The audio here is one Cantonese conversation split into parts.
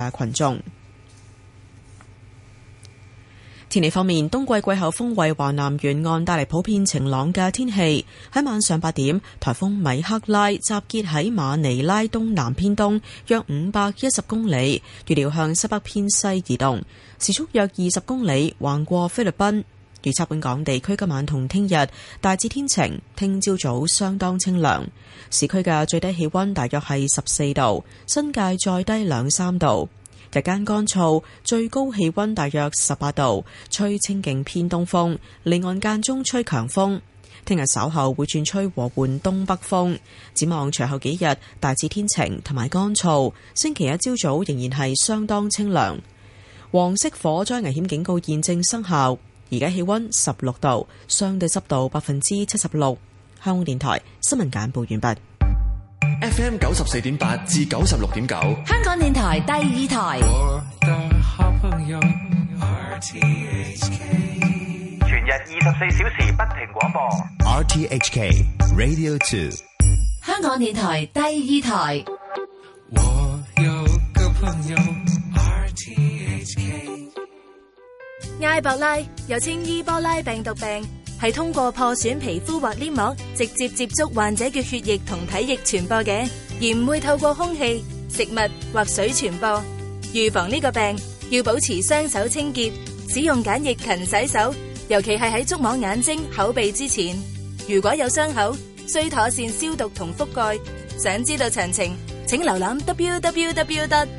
啊！群眾天氣方面，冬季季候風為華南沿岸帶嚟普遍晴朗嘅天氣。喺晚上八點，颱風米克拉集結喺馬尼拉東南偏東約五百一十公里，預料向西北偏西移動，時速約二十公里，橫過菲律賓。預測本港地區今晚同聽日大致天晴，聽朝早，早相當清涼，市區嘅最低氣溫大約係十四度，新界再低兩三度。日間乾燥，最高氣溫大約十八度，吹清勁偏東風，離岸間中吹強風。聽日稍後會轉吹和緩東北風，展望隨後幾日大致天晴同埋乾燥。星期一朝早，早仍然係相當清涼。黃色火災危險警告現正生效。而家氣溫十六度，相對濕度百分之七十六。香港電台新聞簡報完畢。FM 九十四點八至九十六點九，香港電台第二台，我的好朋友，全日二十四小時不停廣播。RTHK Radio Two，香港電台第二台。我有個朋友。埃博拉又稱伊波拉病毒病，係通過破損皮膚或黏膜直接接觸患者嘅血液同體液傳播嘅，而唔會透過空氣、食物或水傳播。預防呢個病要保持雙手清潔，使用梘液勤洗手，尤其係喺觸摸眼睛、口鼻之前。如果有傷口需妥善消毒同覆蓋。想知道詳情，請瀏覽 www.chp.gov.hk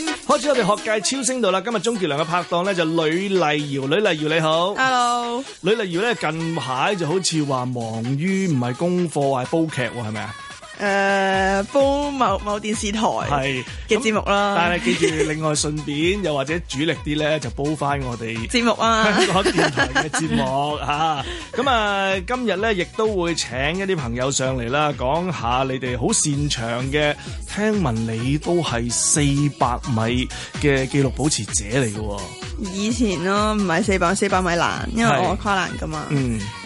開始我哋學界超新星度啦，今日鍾傑良嘅拍檔咧就呂麗瑤，呂麗瑤你好，hello，呂麗瑤咧近排就好似話忙於唔係功課，係煲劇喎，係咪啊？誒，uh, 煲某，某某電視台嘅節目啦，但係記住另外順便 又或者主力啲咧，就煲翻我哋節目啊，個 電台嘅節目吓。咁 啊，今日咧亦都會請一啲朋友上嚟啦，講下你哋好擅長嘅。聽聞你都係四百米嘅紀錄保持者嚟嘅，以前咯，唔係四百，四百米欄，因為我跨欄噶嘛。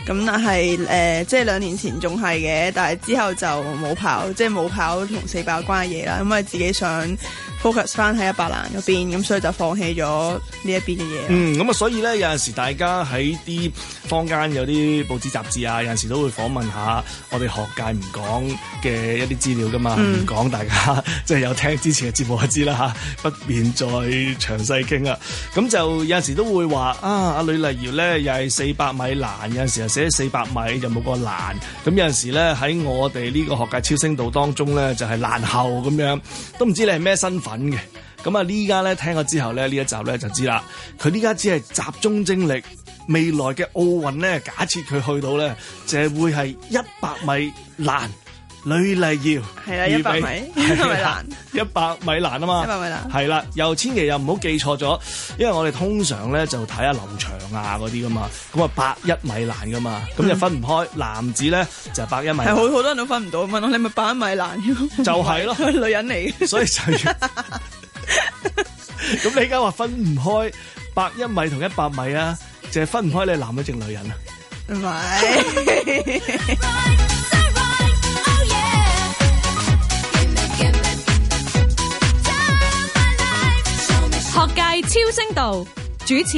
咁但係誒即係兩年前仲係嘅，但係之後就冇跑，即係冇跑同四百有關嘅嘢啦。咁啊，自己想 focus 翻喺一百欄嗰邊，咁所以就放棄咗呢一邊嘅嘢。嗯，咁啊，所以咧有陣時大家喺啲坊間有啲報紙雜誌啊，有陣時都會訪問下我哋學界唔講嘅一啲資料噶嘛，唔講、嗯、大家即 係有聽之前嘅節目就知啦吓，不便再詳細傾啊。咁就有陣時都會話啊，阿呂麗瑤咧又係四百米欄有陣時。寫四百米又冇個難，咁有陣時咧喺我哋呢個學界超新星當中咧，就係難后咁樣，都唔知你係咩身份嘅。咁啊，呢家咧聽咗之後咧呢一集咧就知啦，佢呢家只係集中精力，未來嘅奧運咧，假設佢去到咧，就會係一百米難。呂麗瑤係啦，一百米，一百米欄，一百米欄啊嘛，一百米欄係啦。又千祈又唔好記錯咗，因為我哋通常咧就睇下劉翔啊嗰啲噶嘛，咁啊百一米欄噶嘛，咁就分唔開。男子咧就係百一米，係好多人都分唔到。問我你咪百一米欄要，就係咯，女人嚟。所以就咁你而家話分唔開百一米同一百米啊，就係分唔開你男嘅定女人啊，唔係。學界超聲道主持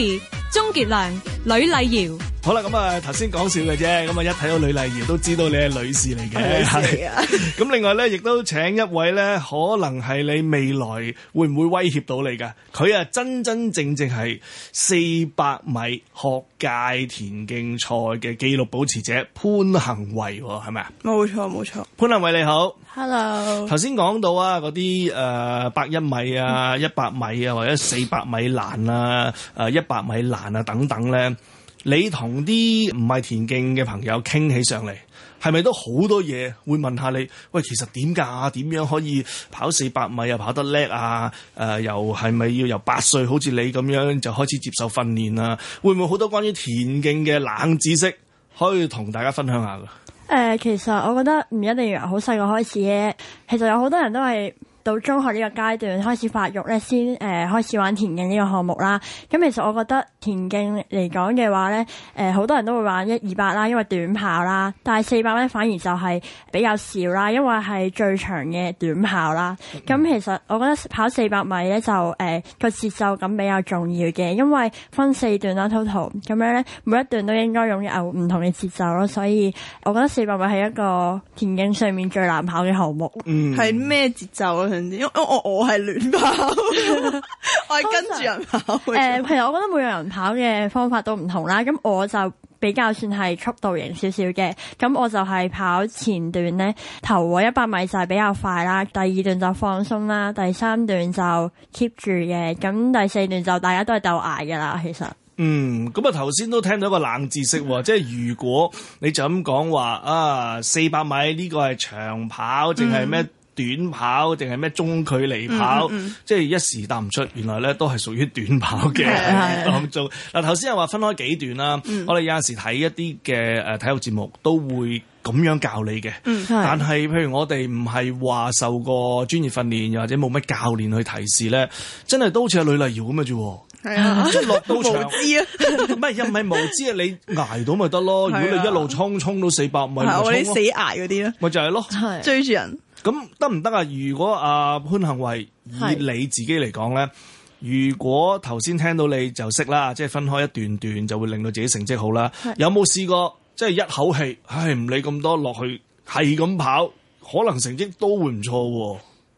鍾傑良。.呂麗瑤，好啦，咁、嗯、啊，頭先講笑嘅啫，咁、嗯、啊，一睇到呂麗瑤都知道你係女士嚟嘅，係啊。咁 另外咧，亦都請一位咧，可能係你未來會唔會威脅到你噶？佢啊，真真正正係四百米學界田徑賽嘅紀錄保持者潘幸慧，係咪啊？冇錯，冇錯。潘幸慧你好，Hello。頭先講到啊，嗰啲誒百一米啊、一百米啊，嗯、或者四百米欄啊、誒一百米欄啊，啊等等咧。你同啲唔係田徑嘅朋友傾起上嚟，係咪都好多嘢會問下你？喂，其實點噶？點樣可以跑四百米又跑得叻啊？誒、呃，又係咪要由八歲好似你咁樣就開始接受訓練啊？會唔會好多關於田徑嘅冷知識可以同大家分享下噶？誒、呃，其實我覺得唔一定要好細個開始啫。其實有好多人都係。到中學呢個階段開始發育咧，先誒、呃、開始玩田徑呢個項目啦。咁其實我覺得田徑嚟講嘅話咧，誒、呃、好多人都會玩一二百啦，因為短跑啦。但係四百咧反而就係比較少啦，因為係最長嘅短跑啦。咁其實我覺得跑四百米咧就誒個、呃、節奏感比較重要嘅，因為分四段啦，total 咁樣咧，每一段都應該擁有唔同嘅節奏咯。所以我覺得四百米係一個田徑上面最難跑嘅項目。嗯，係咩節奏啊？因我亂 我我係亂跑，我係跟住人跑時。誒、呃，其實我覺得每個人跑嘅方法都唔同啦。咁我就比較算係速度型少少嘅。咁我就係跑前段咧，頭位一百米就係比較快啦。第二段就放鬆啦，第三段就 keep 住嘅。咁第四段就大家都係鬥挨噶啦。其實，嗯，咁啊，頭先都聽到一個冷知識喎，嗯、即係如果你就咁講話啊，四百米呢個係長跑定係咩？短跑定係咩中距離跑，即係一時答唔出，原來咧都係屬於短跑嘅當中。嗱，頭先又話分開幾段啦。我哋有陣時睇一啲嘅誒體育節目都會咁樣教你嘅。但係，譬如我哋唔係話受過專業訓練，又或者冇乜教練去提示咧，真係都好似阿呂麗瑤咁啊，啫。係啊，一落到場無知啊，唔係又唔係無知啊，你捱到咪得咯？如果你一路衝衝到四百米，我哋死捱嗰啲咧，咪就係咯，追住人。咁得唔得啊？如果阿、啊、潘幸慧，以你自己嚟講咧，是如果頭先聽到你就識啦，即、就、係、是、分開一段段就會令到自己成績好啦。是有冇試過即係、就是、一口氣？唉唔理咁多落去，係咁跑，可能成績都會唔錯。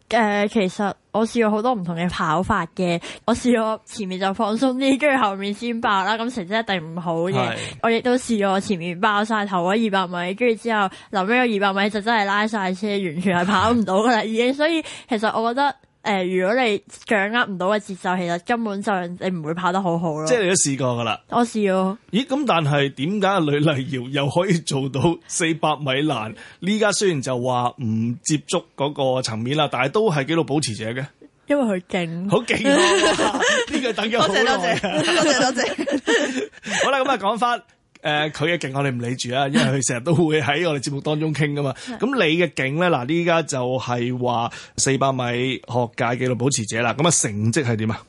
誒、呃，其實我試過好多唔同嘅跑法嘅，我試過前面就放鬆啲，跟住後，後面先爆啦，咁成績一定唔好嘅。是我亦都試過前面爆晒，頭二百米，跟住之後臨尾個二百米就真係拉晒車，完全係跑唔到噶啦已經。 所以其實我覺得。誒，如果你掌握唔到嘅節奏，其實根本上你唔會跑得好好咯。即係你都試過噶啦。我試過。咦，咁但係點解呂麗瑤又可以做到四百米欄？呢家雖然就話唔接觸嗰個層面啦，但係都係紀錄保持者嘅。因為佢勁，好勁啊！呢個等咗好耐。多謝多謝，多謝多謝。謝謝 好啦，咁啊，講翻。誒，佢嘅勁我哋唔理住啊，因為佢成日都會喺我哋節目當中傾噶嘛。咁你嘅勁咧，嗱，呢家就係話四百米學界紀錄保持者啦。咁啊，成績係點啊？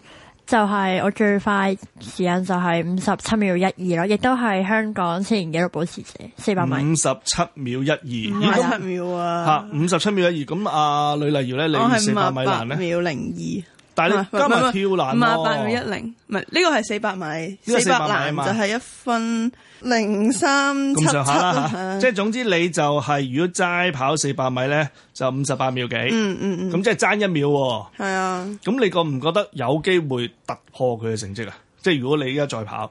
就係我最快時間就係五十七秒一二咯，亦都係香港青年紀錄保持者。四百米五十七秒一二，五十七秒啊,啊！吓，五十七秒一二。咁阿呂麗瑤咧，你四百是米欄呢？係五秒零二。今日跳欄咯、啊嗯，八秒一零，唔係呢個係四百米，四百米就係一分零三七七，即係總之你就係如果齋跑四百米咧，就五十八秒幾，嗯嗯嗯，咁即係爭一秒喎，係啊，咁、啊、你覺唔覺得有機會突破佢嘅成績啊？即係如果你而家再跑，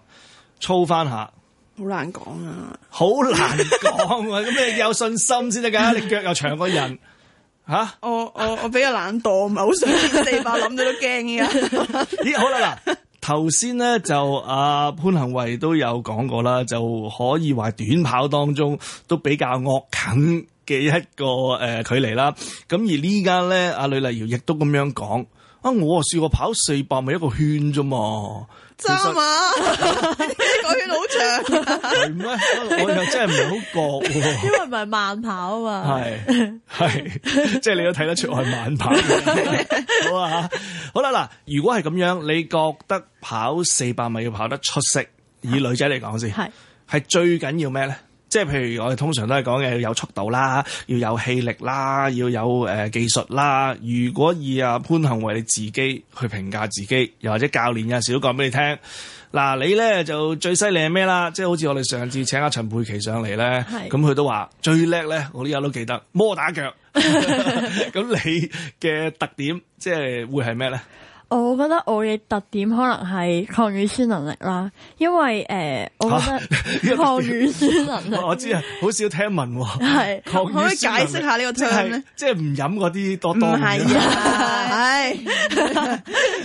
操翻下，好難講啊，好難講啊，咁 你有信心先得噶，你腳又長過人。 吓！啊、我我我比較懶惰，唔係好想練四百，諗到都驚依家。咦，好啦嗱，頭先咧就阿潘幸慧都有講過啦，就可以話短跑當中都比較惡啃嘅一個誒距離啦。咁而呢家咧，阿呂麗瑤亦都咁樣講，啊，我試過跑四百米一個圈啫嘛。揸嘛，呢個圈好長，啊嗎。唔係，我又真係唔係好覺、啊。 因為唔係慢跑嘛。係係，即係 你都睇得出我係慢跑。 好啊，好啦嗱，如果係咁樣，你覺得跑四百米要跑得出色，以女仔嚟講先，係係 是最緊要咩咧？即係譬如我哋通常都係講嘅，要有速度啦，要有氣力啦，要有誒、呃、技術啦。如果以阿潘幸為你自己去評價自己，又或者教練有陣時都講俾你聽，嗱你咧就最犀利係咩啦？即係好似我哋上次請阿陳佩琪上嚟咧，咁佢是都話最叻咧，我呢日都記得摩打腳。咁 你嘅特點即係會係咩咧？我覺得我嘅特點可能係抗乳酸能力啦，因為誒、呃，我覺得抗乳酸能力。啊。 我知啊，好少聽聞。係。可唔可以解釋下呢個係咩嚟？即係唔飲嗰啲多多嘅。唔係啊，係。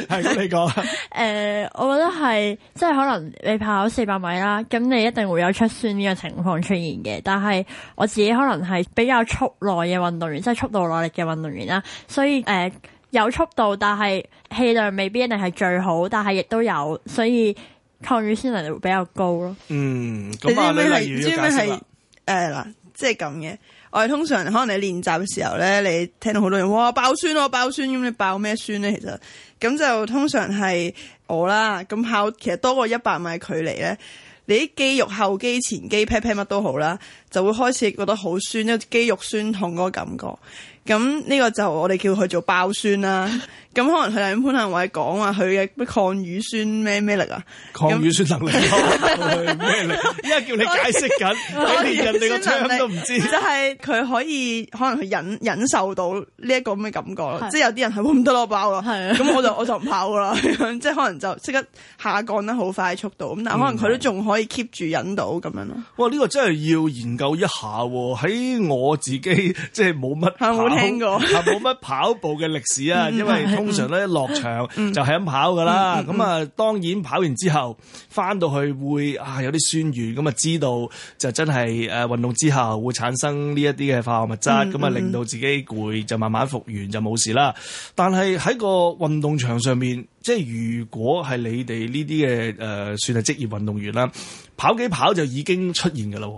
係咁，你講。誒、呃，我覺得係，即係可能你跑四百米啦，咁你一定會有出酸呢個情況出現嘅。但係我自己可能係比較速耐嘅運動員，即係速度耐力嘅運動員啦，所以誒。呃有速度，但係氣量未必一定係最好，但係亦都有，所以抗乳酸能力會比較高咯。嗯，咁啊，你例如要解釋啦。誒嗱，即係咁嘅，我哋通常可能你練習嘅時候咧，你聽到好多人哇爆酸咯，爆酸咁、啊、你爆咩酸咧？其實咁就通常係我啦，咁跑其實多過一百米距離咧，你啲肌肉後肌前肌 pat pat 乜都好啦，就會開始覺得好酸，因為肌肉酸痛嗰感覺。咁呢個就我哋叫佢做包酸啦。 咁可能佢係潘幸慧講話佢嘅抗乳酸咩咩力啊？抗乳酸能力咩力？依家叫你解釋緊，我連人哋個窗都唔知。就係佢可以可能去忍忍受到呢一個咁嘅感覺，即係有啲人係會咁多攞包啊。咁我就我就唔跑啦，即係可能就即刻下降得好快速度。咁但可能佢都仲可以 keep 住忍到咁樣咯。哇！呢個真係要研究一下喎。喺我自己即係冇乜冇聽過，冇乜跑步嘅歷史啊，因為。通常咧落場就係咁跑噶啦，咁啊、嗯嗯嗯、當然跑完之後翻到去會啊有啲酸軟，咁啊知道就真係誒運動之後會產生呢一啲嘅化學物質，咁啊、嗯嗯、令到自己攰就慢慢復原就冇事啦。但係喺個運動場上面，即係如果係你哋呢啲嘅誒算係職業運動員啦，跑幾跑就已經出現㗎啦。咁、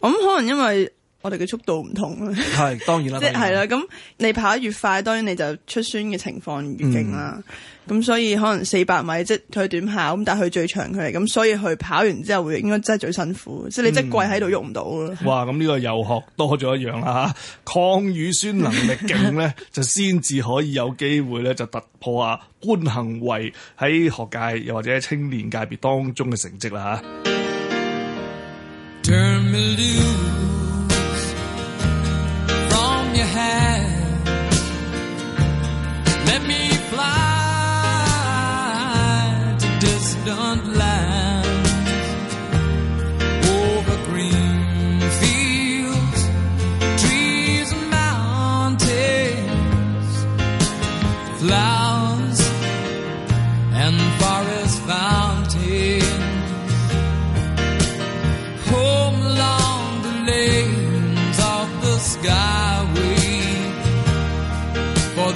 嗯嗯嗯、可能因為。我哋嘅速度唔同，係當然啦，即係啦。咁你跑得越快，當然你就出酸嘅情況越勁啦。咁、嗯、所以可能四百米即係佢短跑，咁但係佢最長佢係咁，所以佢跑完之後會應該真係最辛苦，即係、嗯、你即係跪喺度喐唔到咯。嗯嗯、哇！咁呢個又學多咗一樣啦吓、啊，抗乳酸能力勁咧， 就先至可以有機會咧就突破啊潘幸慧喺學界又或者青年界別當中嘅成績啦吓。啊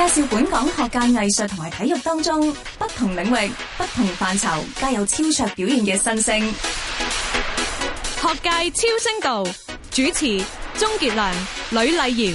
介紹本港學界藝術同埋體育當中不同領域，不同範疇皆有超卓表現嘅新星。學界超星道主持鍾傑良、呂麗瑤。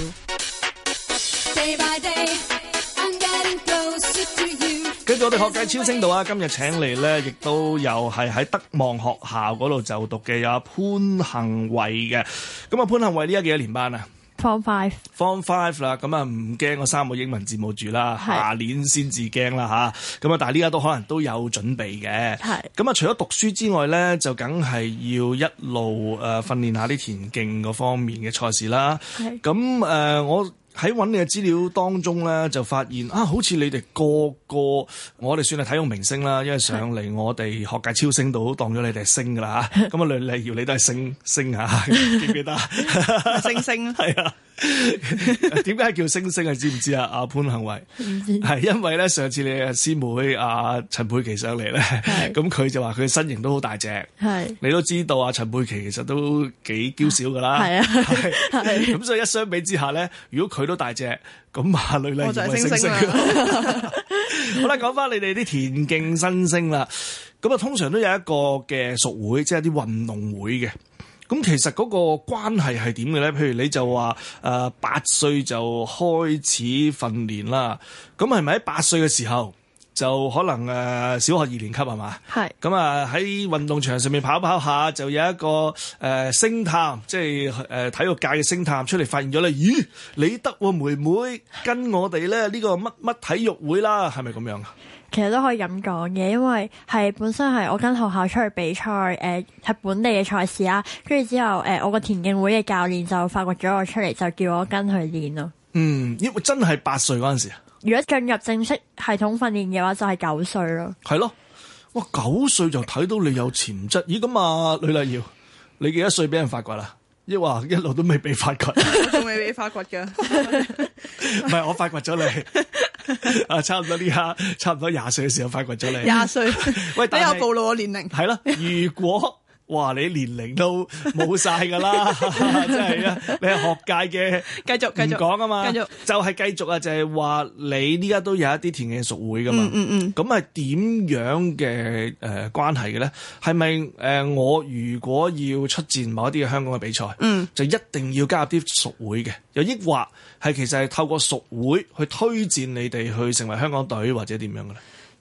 跟住我哋學界超星道啊，今日請嚟咧，亦都有係喺德望學校嗰度就讀嘅有潘幸慧嘅。咁啊，潘幸慧呢家幾多年班啊？Form five，Form five 啦 five，咁啊唔驚個三個英文字母住是啦，下年先至驚啦吓，咁啊但係呢家都可能都有準備嘅，咁啊是除咗讀書之外咧，就梗係要一路誒訓練下啲田徑嗰方面嘅賽事啦，咁誒是、呃、我。喺揾你嘅資料當中咧，就發現啊，好似你哋個個，我哋算係體育明星啦，因為上嚟我哋學界超新星度當咗你哋係星噶啦，咁啊，呂麗瑤你都係星星啊，記唔記得？ 星星係啊，點解叫星星啊？知唔知啊？阿潘幸慧，唔係因為咧上次你阿師妹阿、啊、陳佩琪上嚟咧，咁佢是就話佢身形都好大隻，係是你都知道啊，陳佩琪其實都幾嬌小噶啦，係 啊，咁、啊、是 所以一相比之下咧，如果佢都大隻，咁啊，女靚仔星星 好啦，講翻你哋啲田徑新星啦。咁啊，通常都有一個嘅屬會，即係啲運動會嘅。咁其實嗰個關係係點嘅咧？譬如你就話，誒、呃，八歲就開始訓練啦。咁係咪喺八歲嘅時候？就可能誒、呃、小學二年級係嘛？係咁是 啊！喺運動場上面跑跑下，就有一個誒星、呃、探，即係誒、呃、體育界嘅星探出嚟發現咗你：「咦？你得喎，妹妹跟我哋咧呢、這個乜乜體育會啦？係咪咁樣啊？其實都可以咁講嘅，因為係本身係我跟學校出去比賽，誒、呃、係本地嘅賽事啦、啊。跟住之後誒、呃，我個田徑會嘅教練就發掘咗我出嚟，就叫我跟佢練咯。嗯，因為真係八歲嗰陣時如果進入正式系統訓練嘅話，就係九歲咯。係咯，哇，九歲就睇到你有潛質。咦，咁啊，呂麗瑤，你幾多歲俾人發掘啦？抑或一路都未被發掘？仲 未被發掘噶？唔 係， 我發掘咗你。啊， 差唔多呢下，差唔多廿歲嘅時候發掘咗你。廿歲歲，喂 是，等有暴露我年齡。係 啦，如果。哇！你年齡都冇晒噶啦， 真係啊！你係學界嘅，繼 續繼續講啊嘛，繼續，繼續就係繼續啊，就係、是、話你而家都有一啲田徑屬會噶嘛，嗯嗯嗯，咁係點樣嘅誒、呃、關係嘅咧？係咪誒我如果要出戰某一啲嘅香港嘅比賽，嗯，就一定要加入啲屬會嘅，又抑或係其實係透過屬會去推薦你哋去成為香港隊或者點樣嘅咧？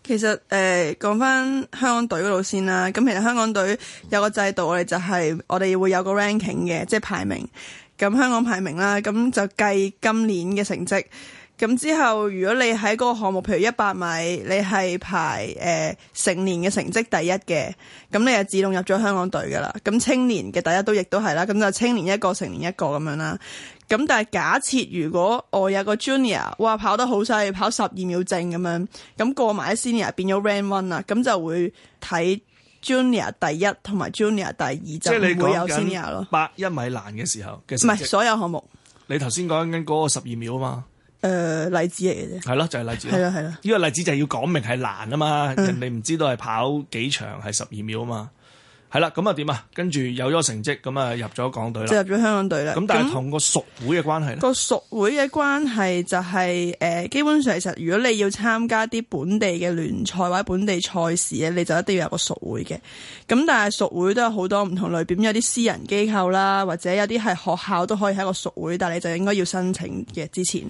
其實誒、呃，講翻香港隊嗰度先啦。咁其實香港隊有個制度，我哋就係、是、我哋會有個 ranking 嘅，即係排名。咁香港排名啦，咁就計今年嘅成績。咁之後如果你喺嗰個項目，譬如一百米，你係排誒、呃、成年嘅成績第一嘅，咁你就自動入咗香港隊噶啦。咁青年嘅第一都亦都係啦，咁就青年一個，成年一個咁樣啦。咁但係假設如果我有個 junior，哇跑得好犀利，跑十二秒正咁樣，咁過埋一 senior 變咗 ran one 啦，咁就會睇 junior 第一同埋 junior 第二即是就即係你講緊百一米欄嘅時候實，唔係所有項目。你頭先講緊嗰個十二秒啊嘛？誒、呃，例子嚟嘅啫。係咯，就係例子咯。係咯，係咯。呢個例子就係要講明係難啊嘛，你唔、嗯、知道係跑幾長係十二秒嘛。係啦，咁啊點啊？跟 住樂、嗯、有咗成績，咁啊入咗港隊啦，即係入咗香港隊啦。咁但係同個屬會嘅關係咧，個屬會嘅關係就係、是、誒、呃，基本上其實如果你要參加啲本地嘅聯賽或者本地賽事咧，你就一定要有個屬會嘅。咁但係屬會都有好多唔同類別，有啲私人機構啦，或者有啲係學校都可以喺個屬會，但係你就應該要申請嘅之前。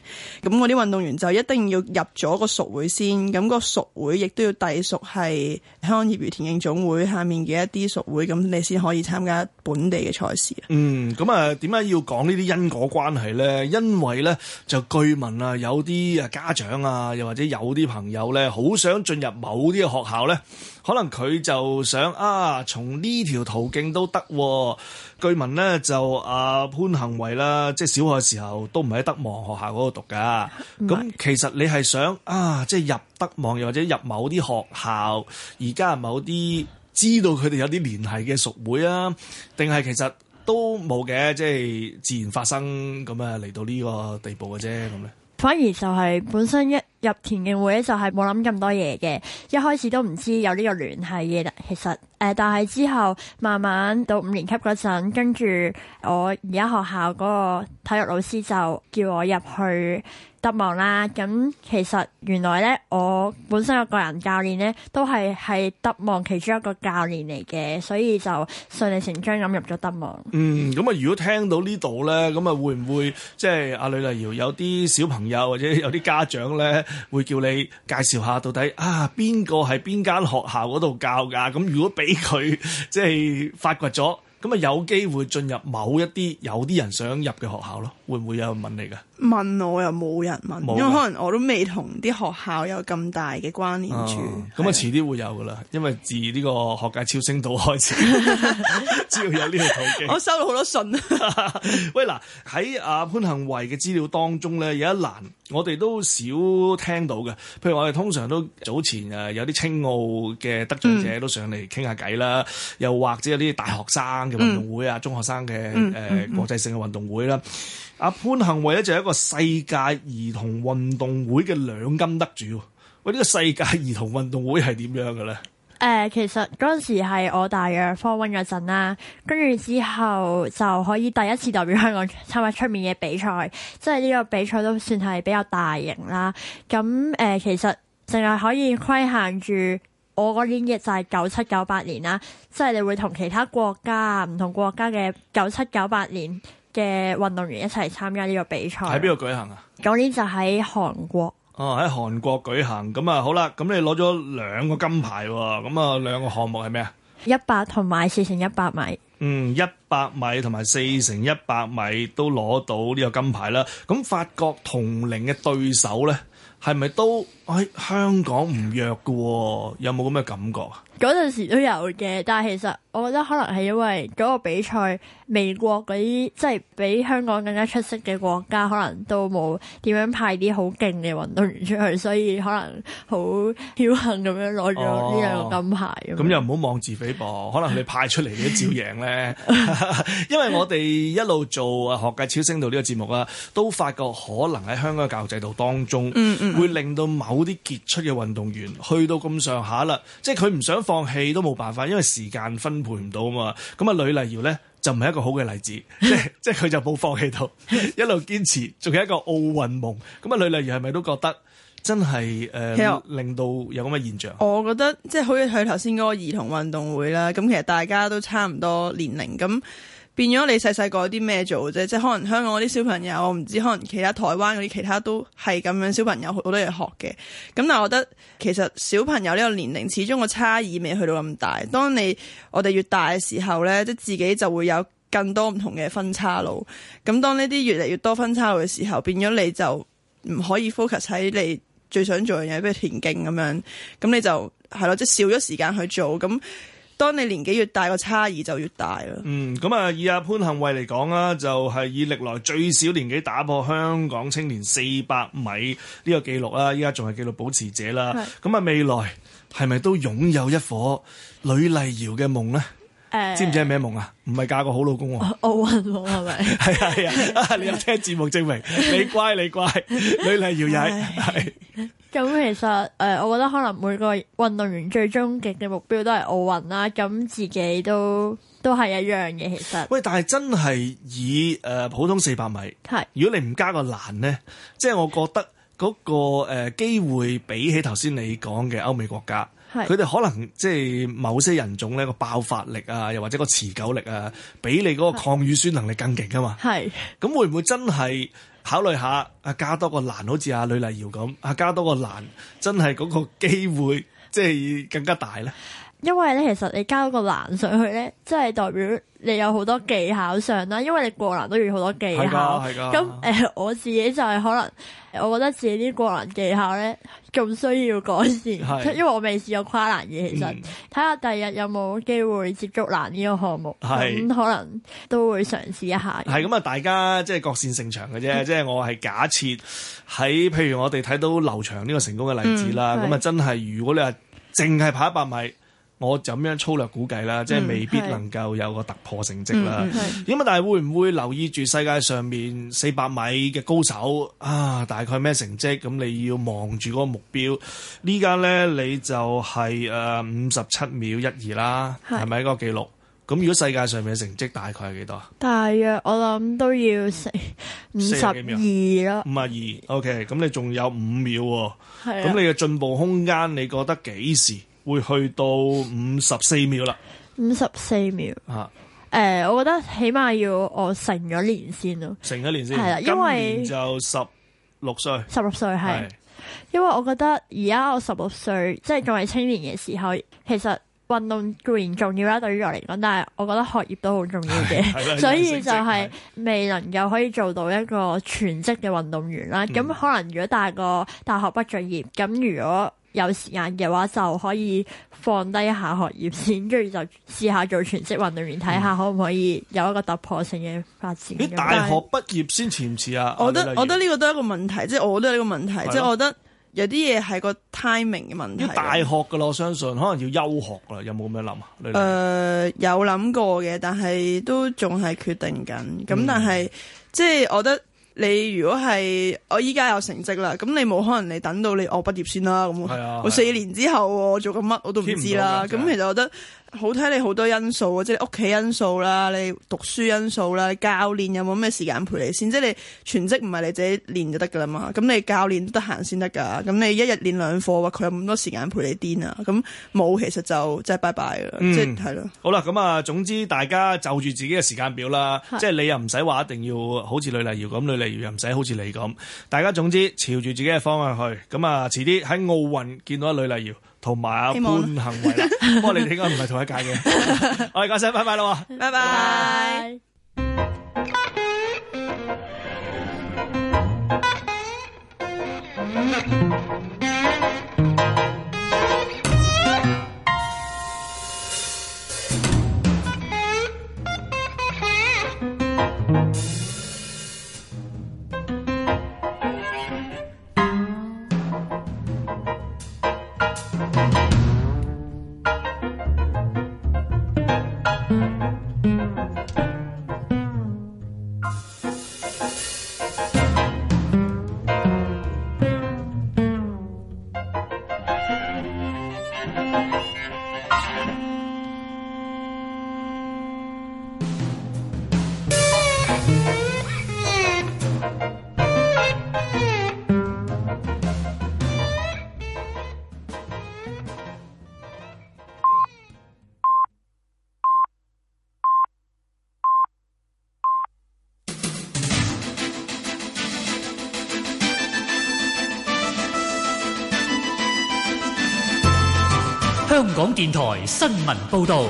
咁我啲運動員就一定要入咗個屬會先，咁個屬會亦都要隸屬係香港業餘田徑總會下面嘅一啲屬會。會，咁你先可以參加本地嘅賽事、嗯、啊？嗯，咁啊，點解要講呢啲因果關係咧？因為咧就據聞啊，有啲啊家長啊，又或者有啲朋友咧，好想進入某啲嘅學校咧，可能佢就想啊，從呢條途徑都得、啊。據聞咧就啊潘行為潘幸慧啦，即、就、係、是、小學嘅時候都唔喺德望學校嗰度讀噶。咁，是其實你係想啊，即、就、係、是、入德望，又或者入某啲學校，而家係某啲、嗯。知道佢哋有啲聯繫嘅熟會啊，定係其實都冇嘅，即係自然發生咁啊嚟到呢個地步嘅啫咁咧。反而就係本身一。入田徑會就係冇諗咁多嘢嘅，一開始都唔知有呢個聯繫嘅。其實誒、呃，但係之後慢慢到五年級嗰陣，跟住我而家學校嗰個體育老師就叫我入去德望啦。咁其實原來咧，我本身個個人教練咧都係係德望其中一個教練嚟嘅，所以就順理成章咁入咗德望。嗯，咁啊，如果聽到呢度咧，咁啊會唔會即係阿呂麗瑤有啲小朋友或者有啲家長咧？會叫你介紹下到底啊邊個係邊間學校嗰度教㗎？咁如果俾佢即係發掘咗，咁啊有機會進入某一啲有啲人想入嘅學校咯，會唔會有人問你㗎？問我又冇人問，啊、因為可能我都未同啲學校有咁大嘅關聯住。咁啊、嗯，是遲啲會有噶啦，因為自呢個學界超聲導開始， 只要有呢個途徑，我收到好多信。 喂嗱，喺阿、啊、潘幸慧嘅資料當中咧，有一欄我哋都少聽到嘅。譬如我哋通常都早前誒有啲青奧嘅得獎者都上嚟傾下偈啦，嗯、又或者有啲大學生嘅運動會啊，嗯、中學生嘅誒、呃、國際性嘅運動會啦。阿、嗯啊、潘幸慧咧就個世界兒童運動會嘅兩金得主，喂，呢個世界兒童運動會係點樣嘅咧？誒、呃，其實嗰陣時係我大約 form one 嗰陣啦，跟住之後就可以第一次代表香港參加出面嘅比賽，即係呢個比賽都算係比較大型啦。咁誒、呃，其實淨係可以規限住我嗰年嘅就係九七九八年啦，即係你會同其他國家唔同國家嘅九七九八年。嘅運動員一齊參加呢個比賽，喺邊度舉行啊？嗰年就喺韓國。哦，喺韓國舉行，咁啊好啦，咁你攞咗兩個金牌喎，咁啊兩個項目係咩啊？一百同埋四乘一百米。嗯，一百米同埋四乘一百米都攞到呢個金牌啦！咁法國同齡嘅對手呢，係咪都喺、哎、香港唔弱嘅？有冇咁嘅感覺啊？嗰陣時都有嘅，但係其實我覺得可能係因為嗰個比賽，美國嗰啲即係比香港更加出色嘅國家，可能都冇點樣派啲好勁嘅運動員出去，所以可能好僥倖咁樣攞咗呢兩個金牌。咁、哦、又唔好妄自菲薄， 可能你派出嚟嘅都照贏呢。 因為我哋一路做學界超聲道呢個節目啊，都發覺可能喺香港嘅教育制度當中，會令到某啲傑出嘅運動員去到咁上下啦。即係佢唔想放棄都冇辦法，因為時間分配唔到啊嘛。咁啊，呂麗瑤咧就唔係一個好嘅例子， 即係即係佢就冇放棄到，一路堅持，仲有一個奧運夢。咁啊，呂麗瑤係咪都覺得？真係誒、呃、令到有咁嘅現象。我覺得即係好似去頭先嗰個兒童運動會啦，咁其實大家都差唔多年齡，咁變咗你細細個有啲咩做啫？即係可能香港嗰啲小朋友，我唔知可能其他台灣嗰啲其他都係咁樣小朋友好多嘢學嘅。咁但係我覺得其實小朋友呢個年齡始終個差異未去到咁大。當你我哋越大嘅時候呢，即係自己就會有更多唔同嘅分岔路。咁當呢啲越嚟越多分岔路嘅時候，變咗你就唔可以 focus 喺你最想做嘅嘢，比如田徑咁樣，咁你就係咯，即係少咗時間去做。咁當你年紀越大，個差異就越大啦。嗯，咁啊，以阿潘幸慧嚟講啦，就係、是、以歷來最少年紀打破香港青年四百米呢個紀錄啦，依家仲係紀錄保持者啦。咁啊是，未來係咪都擁有一伙，呂麗瑤嘅夢呢？知唔知係咩夢啊？唔係嫁個好老公喎，奧運夢，係咪？係啊係啊，你有聽節目證明？你乖你乖，你乖 女力搖曳呂麗瑤係。咁其實誒，我覺得可能每個運動員最終極嘅目標都係奧運啦。咁自己都都係一樣嘅，其實。喂，但係真係以誒普通四百米係，是如果你唔加個欄咧，即係我覺得嗰個誒機會比起頭先你講嘅歐美國家，佢哋可能即係某些人種咧個爆發力啊，又或者個持久力啊，比你嗰個抗乳酸能力更勁㗎嘛。係是，咁會唔會真係考慮下啊加多個欄，好似阿呂麗瑤咁，啊加多個欄，真係嗰個機會即係更加大咧？因為咧，其實你交個欄上去咧，即係代表你有好多技巧上啦。因為你過欄都要好多技巧，係咁誒，我自己就係可能，我覺得自己啲過欄技巧咧仲需要改善。係，因為我未試過跨欄嘢，其實睇下第日有冇機會接觸欄呢個項目，咁、嗯、可能都會嘗試一下。係咁啊，大家即係各擅勝場嘅啫。即係 我係假設喺，譬如我哋睇到劉翔呢個成功嘅例子啦，咁啊、嗯，真係如果你係淨係跑一百米。我就咁樣粗略估計啦，即係未必能夠有個突破成績啦。咁啊、嗯，但係會唔會留意住世界上面四百米嘅高手啊？大概咩成績？咁你要望住嗰個目標。呢家咧你就係誒五十七秒一二啦，係咪一個記錄？咁如果世界上面嘅成績大概係幾多？大約我諗都要成五十二咯，五十二。O K，咁你仲有五秒喎，咁的你嘅進步空間你覺得幾時？會去到五十四秒啦，五十四秒啊！誒、呃，我覺得起碼要我成咗年先咯，成咗年先係啦，因為就十六歲，十六歲係，的因為我覺得而家我十六歲，嗯、即係仲係青年嘅時候，其實運動固然重要啦，對於我嚟講，但係我覺得學業都好重要嘅， 所以就係未能夠可以做到一個全職嘅運動員啦。咁可能如果大個大學畢咗業，咁如果有時間嘅話，就可以放低下學業先，跟住就試下做全職運動員，睇下可唔可以有一個突破性嘅發展。啲、嗯、是大學畢業先遲唔遲啊？我覺得、啊、我覺得呢個都係一個問題，即、就、係、是、我覺得呢個問題，即係的我覺得有啲嘢係個 timing 嘅問題。大學噶啦，我相信可能要休學啦，有冇咁樣諗啊？誒、呃，有諗過嘅，但係都仲係決定緊。咁、嗯、但係即係我覺得。你如果係我依家有成績啦，咁你冇可能你等到你、哦、我畢業先啦，咁我、啊啊、我四年之後、哦、我做緊乜我都唔知啦，咁其實我覺得。好睇你好多因素，啊，即係屋企因素啦，你讀書因素啦，你教練有冇咩時間陪你先？即係你全職唔係你自己練就得噶啦嘛？咁你教練得閒先得噶，咁你一日練兩課，話佢有咁多時間陪你癲啊？咁冇其實就即係拜拜啦，嗯、即係係咯。好啦，咁啊，總之大家就住自己嘅時間表啦，即係是的 你又唔使話一定要好似呂麗瑤咁，呂麗瑤又唔使好似你咁，大家總之朝住自己嘅方向去。咁啊，遲啲喺奧運見到呂麗瑤。同埋啊，潘望幸慧啦， 不過你哋應該唔係同一屆嘅， 我哋講聲拜拜啦，拜拜 bye。Bye bye 電台新聞報道：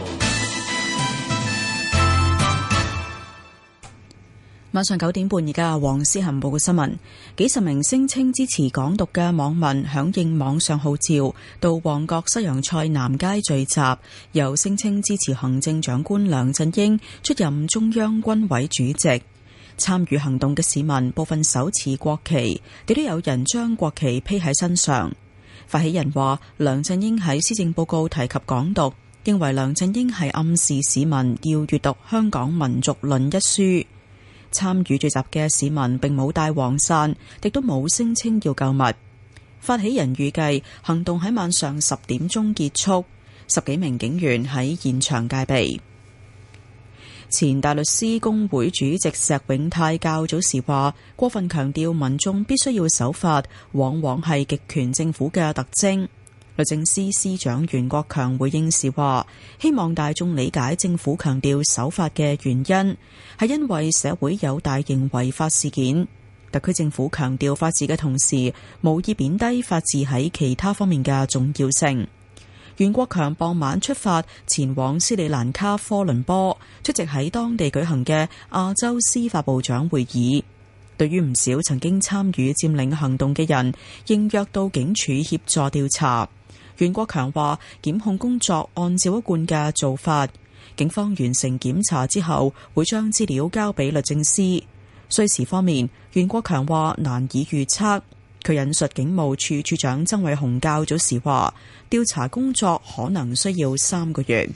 晚上九點半，而家黃思恒報嘅新聞，幾十名聲稱支持港獨嘅網民響應網上號召，到旺角西洋菜南街聚集，由聲稱支持行政長官梁振英出任中央軍委主席。參與行動嘅市民部分手持國旗，亦都有人將國旗披喺身上。發起人話：梁振英喺施政報告提及港獨，認為梁振英係暗示市民要閱讀《香港民族論》一書。參與聚集嘅市民並冇帶黃傘，亦都冇聲稱要購物。發起人預計行動喺晚上十點鐘結束，十幾名警員喺現場戒備。前大律師公會主席石永泰較早時話：過分強調民眾必須要守法，往往係極權政府嘅特徵。律政司司長袁國強回應時話：希望大眾理解政府強調守法嘅原因，係因為社會有大型違法事件。特區政府強調法治嘅同時，無意貶低法治喺其他方面嘅重要性。袁國強傍晚出發前往斯里蘭卡科倫坡出席喺當地舉行嘅亞洲司法部長會議。對於唔少曾經參與佔領行動嘅人，應約到警署協助調查。袁國強話，檢控工作按照一貫嘅做法，警方完成檢查之後會將資料交俾律政司。需時方面，袁國強話難以預測。佢引述警務處處長曾偉雄較早時話，調查工作可能需要三個月。